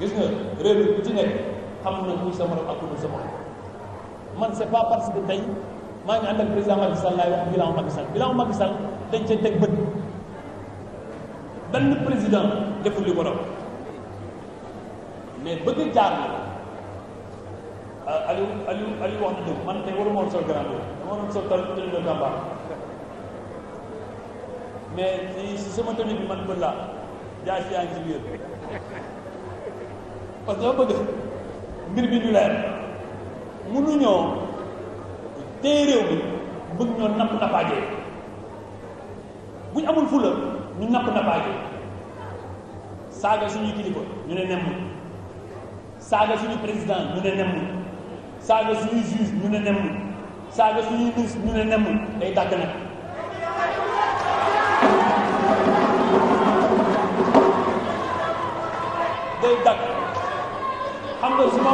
gis nga réew bu ci nekk xam na kuy sa morom ak ku sa morom man c'est pas parce que tey maa ngi ànd ak président Macky Sall laay wax bilan Macky Sall bilan Macky Sall dañ cee teg bët benn président deful li borom mais bëgg jaar na ah, Aliou Aliou Aliou wax na dëgg man tey waroon sol tal tenue de mais si si sama tenue bi man bën laa jaay si yaa parce que bëgg mbir bi ñu leer mënuñoo téye réew bi bëgg ñoo napp nappaajee bu ñu amul fula ñu napp nappaajee saaga suñuy kilifa ñu ne nemm saaga suñu président ñu ne nemm saaga suñuy juge ñu ne nemm saaga suñuy ministre ñu ne nemm day dàgg nag day dàgg xam nga su ma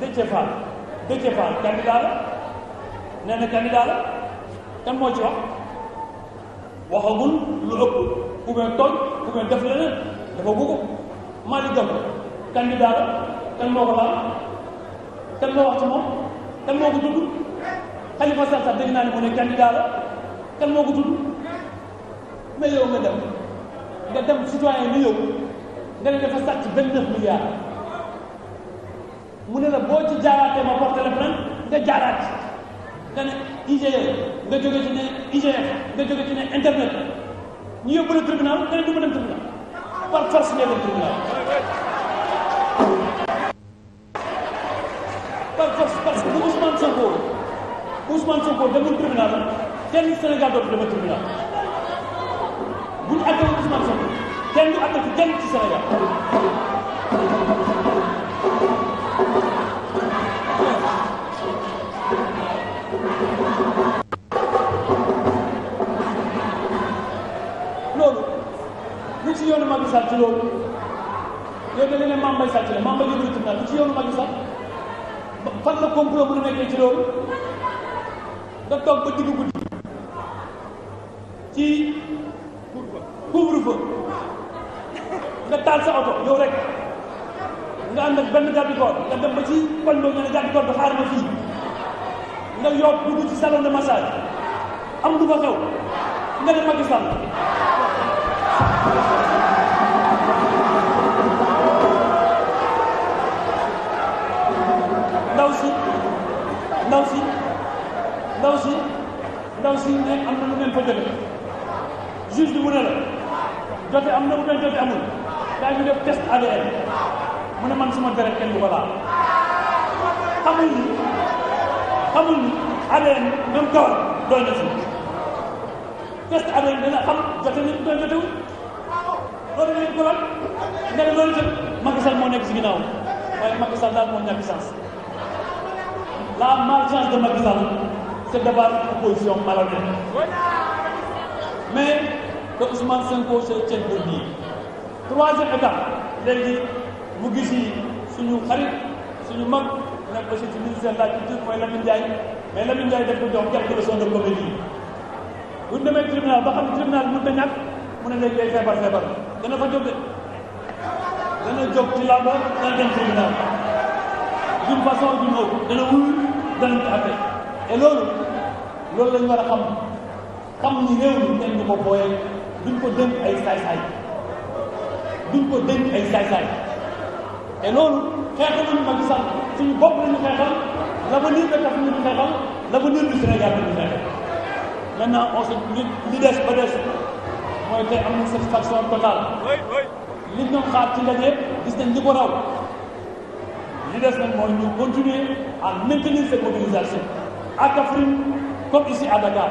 Déthié Fall Déthié Fall candidat la nee na candidat la moo ci wax waxagul lu ëpp ou bien tooñ ou bien def dafa bëgg Malick Gakou candidat la kan moo ko laal kan moo wax ci moom kan moo ko tudd Khalifa Sall sax dégg naa ni mu ne candidat la kan moo ko tudd mais yow nga dem nga dem citoyen ni yow nga ne dafa sàcc vingt-neuf milliards mu ne la boo ci jaaraatee ma porté la plainte nga jaaraat nga ne IGF nga jóge ci ne IGF nga jóge ci ne internet ñu yóbbu la tribunal nga ne du dem tribunal par force ngay dem tribunal par force parce que bu Ousmane Sonko Ousmane Sonko demul tribunal kenn Sénégal dootu dama tribunal bu ñu àttee Ousmane Sonko kenn du àttee kenn ci Sénégal. loolu lu ci yoonu Macky Sall ci loolu yow da nga ne Mame Mbaye Sall ci la Mame Mbaye yëngu tribunal lu ci yoonu Macky Sall fan la complot bu nekkee ci loolu nga toog ba digg guddi ci couvre-feu nga taal sa oto yow rek nga ànd ak benn garde corps nga dem ba ci koñ boobu nga ne garde corps bi ma fii nga yóbbu dugg ci salon de massage am du fa xew nga ne Macky ndaw si ndaw si ndaw si ndaw ne am na lu ngeen bi mu ne la am na lu ngeen jote amul daañu mu ne man suma deret kenn du ko laal xamul ni xamul ni ADN même kawar doy na si test ADN dana xam jote nit doy jotewul loolu ngeen ko laal nga ne loolu itam Macky Sall moo nekk si ginnaaw waaye Macky Sall daal moo ñàkk chance la malchance de Macky sa c'est d'avoir une opposition malhonnête mais que Ousmane Sonko se tient debout troisième étape léegi mu gis yi suñu xarit suñu mag nekk aussi ci ministère de la culture mooy Lamine Ndiaye mais Lamine Ndiaye def ko jox quelques leçons de comédie bu ñu demee tribunal ba xam tribunal mun na ñàkk mu ne léegi day feebar feebar dana fa jóg de dana jóg ci làmba dana dem tribunal d'une façon ou d'une dana wuyu danañ ko atte te loolu loolu lañ war a xam xam ni réew mi kenn du ko booyee duñ ko dénk ay saay-saay duñ ko dénk ay saay-saay te loolu xeexaluñ Macky Sall suñu bopp lañu xeexal l'avenir de Kaffrine lañu xeexal l'avenir du Sénégal lañu xeexal maintenant on se li li des ba des mooy tey am na satisfaction totale liñ doon xaar ci ndaje gis nañ li ko raw li des nag mooy ñu continuer à maintenir mobilisation à Kaffrine comme à Dakar